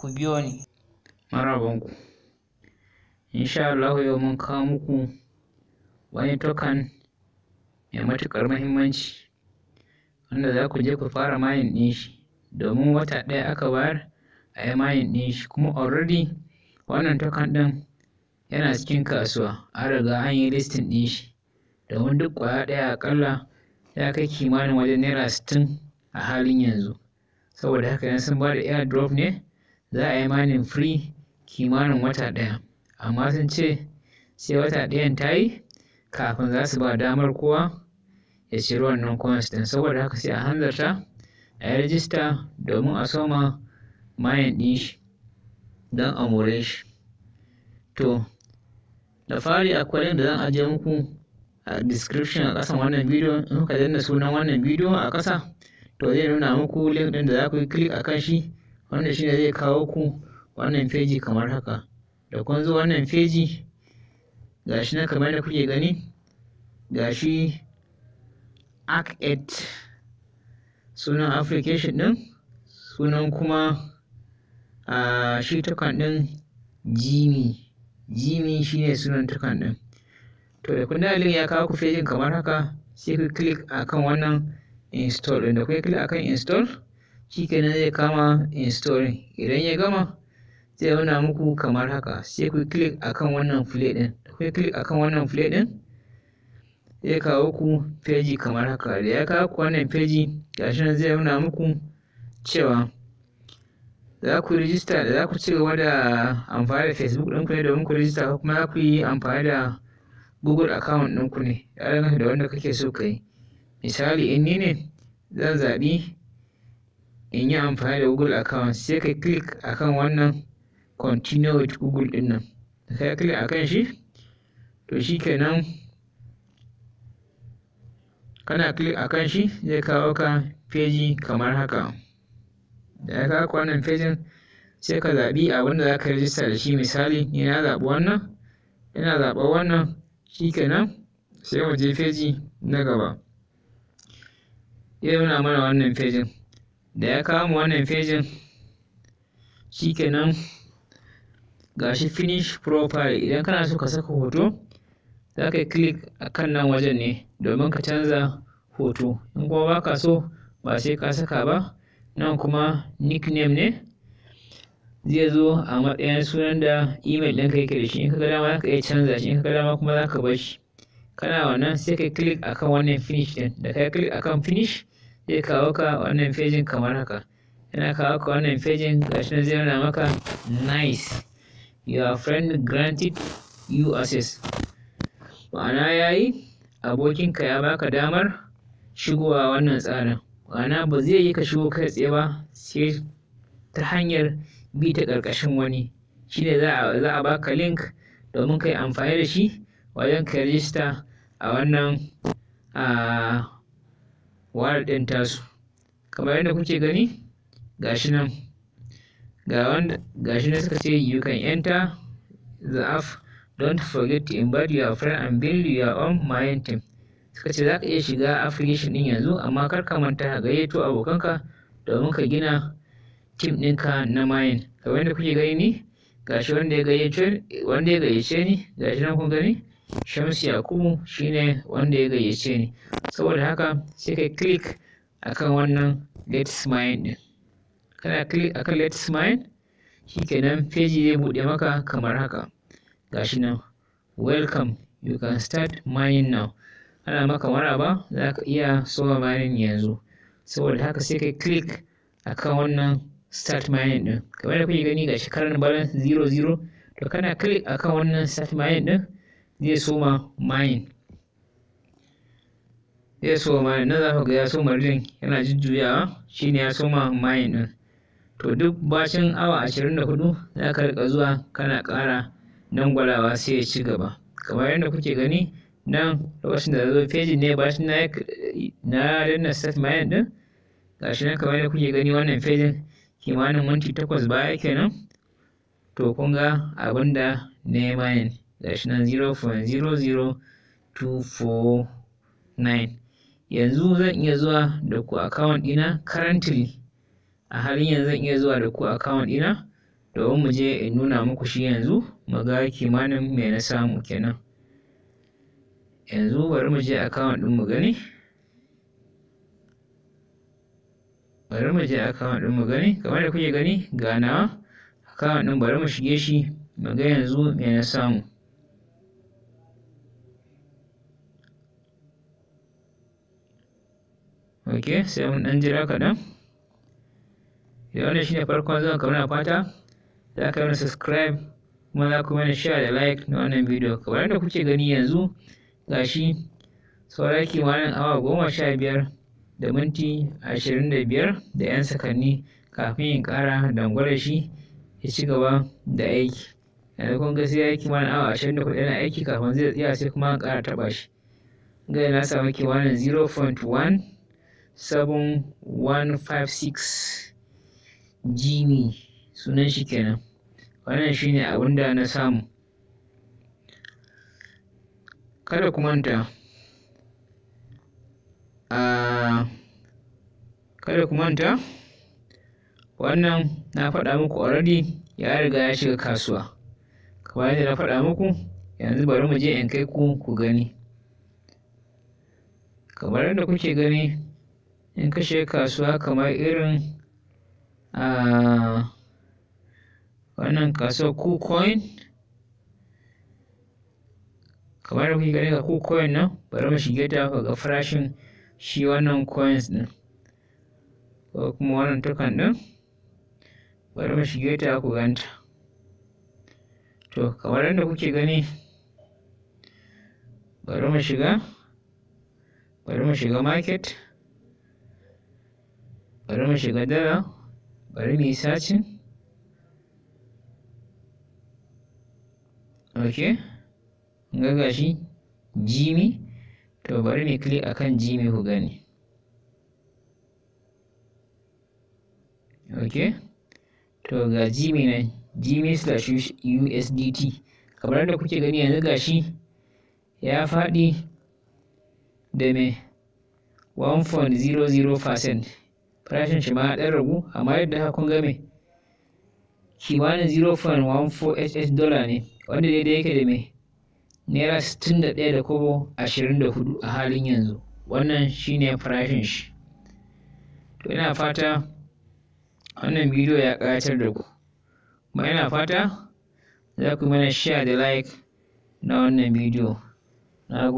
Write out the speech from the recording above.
ku biyo ni marabanku insha Allah yau mun kawo muku wani token mai matuƙar mahimmanci wanda za ku je ku fara mayin ɗinshi, domin wata ɗaya aka bayar a yi mayin kuma already wannan token ɗin yana cikin kasuwa an riga an yi listin domin duk ƙwaya ɗaya aƙalla ya kai kimanin wajen naira sittin a halin yanzu saboda haka yanzu sun ba da airdrop ne za a yi manin free kimanin wata ɗaya amma sun ce sai wata ɗayan ta yi kafin za su ba damar kowa ya ciri wannan coins saboda haka sai a hanzarta a yi rajista domin a soma mayan ɗin shi don a more shi to da fari akwai link da zan ajiye muku a description a ƙasan wannan bidiyo in kuka danna sunan wannan bidiyo a ƙasa to zai nuna muku link ɗin da za ku yi click a kan shi wanda shi ne zai kawo ku wannan feji kamar haka da kun zo wannan feji gashi na kamar da kuke gani gashi act sunan application din sunan kuma a shi tukan din jimi jimi shine sunan tukan din to da kun dalilin ya kawo ku fejin kamar haka sai ku click akan wannan install din da kun click akan install kenan zai kama installing idan ya gama zai nuna muku kamar haka sai ku click akan wannan play din da ku click akan wannan play din zai kawo ku page kamar haka da ya kawo ku wannan page gashi nan zai nuna muku cewa za ku rijista da za ku ci gaba da amfani da facebook ku ne domin ku rijista ko kuma za ku yi amfani da google account ku ne ya danganta da wanda kake so ka yi misali in ni ne zan zaɓi in yi amfani da google account sai ka click akan wannan continue with google din nan da ka click akan shi to shi kenan kana click akan shi zai kawo ka feji kamar haka da ya kawo wannan fejin sai ka zaɓi abin da za ka rijista da shi misali ni na zaɓi wannan ina zaɓa wannan shi kenan sai mu je feji na gaba yau na mana wannan fejin da ya kama wannan fejin shikenan gashi finish profile idan kana so ka saka hoto za ka yi click a kan nan wajen ne domin ka canza hoto in kuma ba so ba sai ka saka ba nan kuma nickname ne zai zo a matsayin sunan da email ɗinka yake da shi in ka ga dama za ka iya canza shi in ka ga dama kuma za ka bar shi kana wannan sai ka click akan wannan finish ɗin, da ka click akan finish zai kawo ka wannan fejin kamar haka yana kawo ka wannan fejin gashi na zai maka nice your friend granted you access ma'ana yayi abokinka ya baka damar shigowa wannan tsarin ma'ana ba zai yi ka shigo kai tsaye ba sai ta hanyar bi ta ƙarƙashin wani shi ne za a baka link domin kai amfani da shi wajen ka rijista a wannan wire ɗin tasu kamar yadda kuke gani gashi nan ga wanda gashi nan suka ce you can enter the app don't forget to invite your friend and build your own mind team suka ce za ka iya shiga application ɗin yanzu amma kar ka manta ka gayyato abokanka domin ka gina team ɗinka na mayan kamar yadda kuke gani ni gashi wanda ya gayyace wanda ya gayyace ni gashi nan kun gani shamsi yakubu shine wanda ya gayyace ni saboda haka sai kai click akan wannan let's mine din kana click akan let's mine shikenan feji zai buɗe maka kamar haka gashi nan welcome you can start mining now ana maka maraba za ka iya soma mining yanzu saboda haka sai kai click akan wannan start mining din kamar da kuke gani gashi current balance 00 to kana click akan wannan start mining din zai soma mayin zai soma mayin na za ga ya soma rin yana jujjuyawa shine ya soma mayin din to duk bacin awa 24 za ka rika zuwa kana ƙara gwalawa sai ya ci gaba kamar yadda kuke gani nan lokacin da zo feji ne bacin na na danna set mayin din gashi nan kamar yadda kuke gani wannan fejin kimanin minti takwas baya kenan to kun ga abin da na yi mayin gashi nan 0.00249 yanzu zan iya zuwa da ku account ɗina currently a halin yanzu zan iya zuwa da ku account ɗina domin mu je in nuna muku shi yanzu mu ga kimanin me na samu kenan yanzu bari mu je account ɗin mu gani bari mu je account ɗin mu gani kamar da kuke gani ga nawa account ɗin bari mu shige shi mu ga yanzu me na samu ok sai mun ɗan jira kaɗan Idan wannan shine farkon zan ka muna fata za ka yi subscribe kuma za ku mana share da like na wannan bidiyo kamar da kuke gani yanzu gashi saura kimanin awa goma sha biyar da minti ashirin da biyar da yan sakanni kafin in ƙara dangwara shi ya ci gaba da aiki yanzu kun ga sai ya yi kimanin awa ashirin da kuɗi yana aiki kafin zai tsaya sai kuma an ƙara taɓa shi ga na samu kimanin 0.1 7156 gini sunan shi kenan wannan shine abin da na samu kada ku manta kada wannan na faɗa muku already ya riga ya shiga kasuwa kamar yadda na faɗa muku yanzu bari mu je in kai ku ku gani kamar yadda kuke gani in ka shiga kasuwa kamar irin a wannan kasuwar kucoin kamar kuke gani ga kucoin nan bari mu shige ta ku ga farashin shi wannan coins ɗin ko kuma wannan token ɗin bari mu shige ta ku ganta to kamar yadda kuke gani bari mu shiga bari mu shiga market bari mu shiga dara bari mu yi sacin ok ga gashi jimi to bari mu click akan jimi ku gani ok to ga jimi nan jimi slash usdt kamar da kuke gani yanzu gashi ya fadi da me 1.00% farashin shi ma ɗan ragu amma yadda haka kun game kimanin 0.14 dollar ne wanda daidai yake da mai naira 61 da kobo 24 a halin yanzu wannan shine farashin shi to ina fata wannan bidiyo ya ƙayatar da ku kuma ina fata za ku mana share da like na wannan bidiyo na